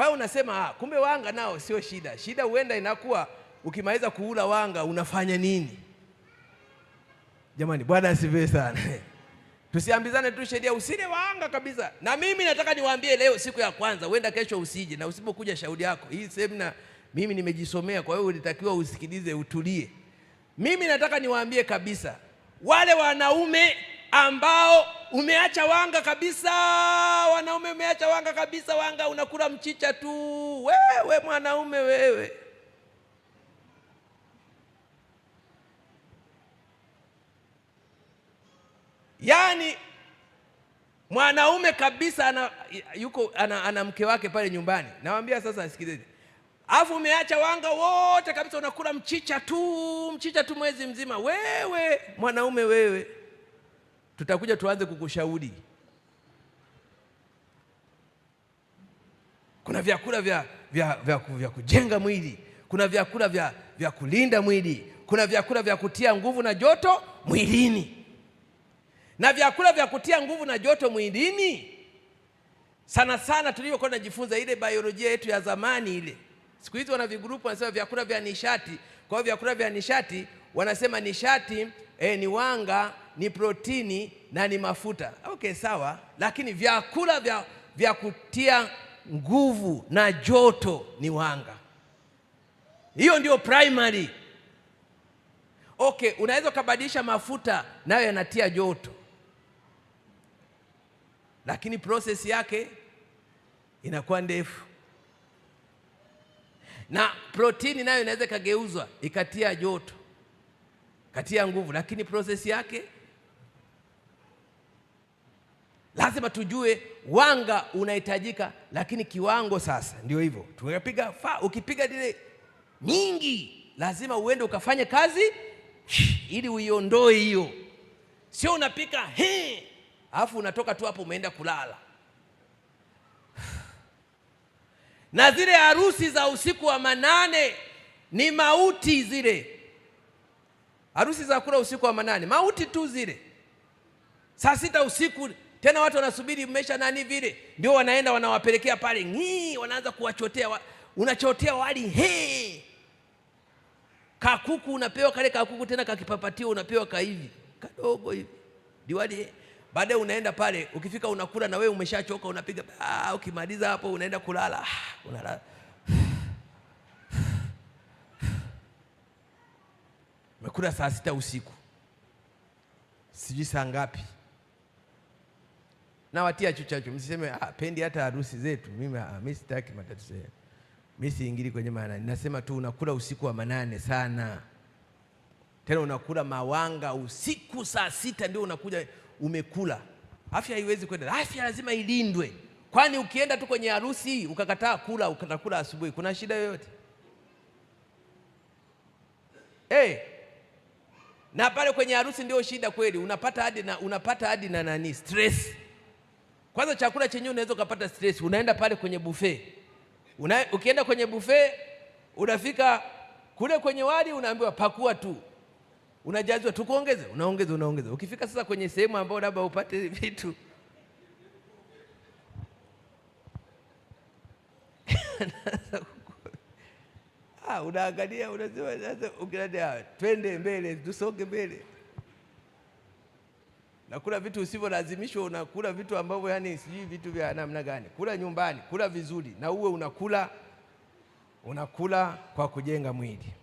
Kwa hiyo unasema ah, kumbe wanga nao sio shida. Shida huenda inakuwa ukimaliza kuula wanga unafanya nini? Jamani, Bwana asifiwe sana. Tusiambizane tu sheria, usile wanga kabisa. Na mimi nataka niwaambie leo, siku ya kwanza, huenda kesho usije, na usipokuja shauri yako. Hii semina mimi nimejisomea, kwa hiyo ulitakiwa usikilize, utulie. Mimi nataka niwaambie kabisa, wale wanaume ambao umeacha wanga kabisa wanaume umeacha wanga kabisa wanga unakula mchicha tu wewe mwanaume wewe yaani mwanaume kabisa ana, yuko ana, ana mke wake pale nyumbani nawambia sasa sikilizeni alafu umeacha wanga wote kabisa unakula mchicha tu mchicha tu mwezi mzima wewe mwanaume wewe tutakuja tuanze kukushauri. Kuna vyakula vya, vya, vya, vya kujenga mwili, kuna vyakula vya, vya kulinda mwili, kuna vyakula vya kutia nguvu na joto mwilini. Na vyakula vya kutia nguvu na joto mwilini sana sana tulivyokuwa tunajifunza ile biolojia yetu ya zamani ile. Siku hizi wana vigrupu wanasema vyakula vya nishati. Kwa hiyo vyakula vya nishati wanasema nishati eh, ni wanga ni protini na ni mafuta. Okay, sawa, lakini vyakula vya, vya kutia nguvu na joto ni wanga. Hiyo ndio primary. Okay, unaweza ukabadilisha mafuta nayo yanatia joto, lakini process yake inakuwa ndefu, na protini nayo inaweza ikageuzwa ikatia joto, katia nguvu, lakini process yake lazima tujue wanga unahitajika, lakini kiwango sasa ndio hivyo. Tukapiga fa, ukipiga dile nyingi, lazima uende ukafanye kazi ili uiondoe hiyo, sio unapika he, alafu unatoka tu hapo umeenda kulala. Na zile harusi za usiku wa manane ni mauti zile, harusi za kula usiku wa manane mauti tu zile, saa sita usiku tena watu wanasubiri mmesha nani vile, ndio wanaenda wanawapelekea pale ngii, wanaanza kuwachotea wa, unachotea wali he kakuku, unapewa kale kakuku tena kakipapatio, unapewa kahivi kadogo hivi diwali. Baadaye unaenda pale, ukifika unakula na wewe umeshachoka, unapiga ah, ukimaliza hapo unaenda kulala, unalala umekula saa sita usiku, sijui saa ngapi nawatia chuchachu, msiseme ah, pendi hata harusi zetu. Mimi ah, mimi sitaki matatizo yenu, mimi siingili kwenye manani. Nasema tu unakula usiku wa manane sana, tena unakula mawanga usiku saa sita ndio unakuja umekula. Afya haiwezi kwenda, afya lazima ilindwe. Kwani ukienda tu kwenye harusi ukakataa kula ukatakula asubuhi, kuna shida yoyote? Hey, eh, na pale kwenye harusi ndio shida kweli, unapata hadi na, unapata hadi na nani stress kwanza chakula chenyewe unaweza ukapata stress. Unaenda pale kwenye buffet una, ukienda kwenye buffet unafika kule kwenye wali unaambiwa pakua tu, unajazwa tu kuongeza, unaongeza, unaongeza. Ukifika sasa kwenye sehemu ambayo labda upate vitu ah, unaangalia, unasema sasa, twende mbele, tusonge mbele. Nakula vitu usivyolazimishwa, unakula vitu ambavyo yani sijui vitu vya namna gani. Kula nyumbani, kula vizuri na uwe unakula unakula kwa kujenga mwili.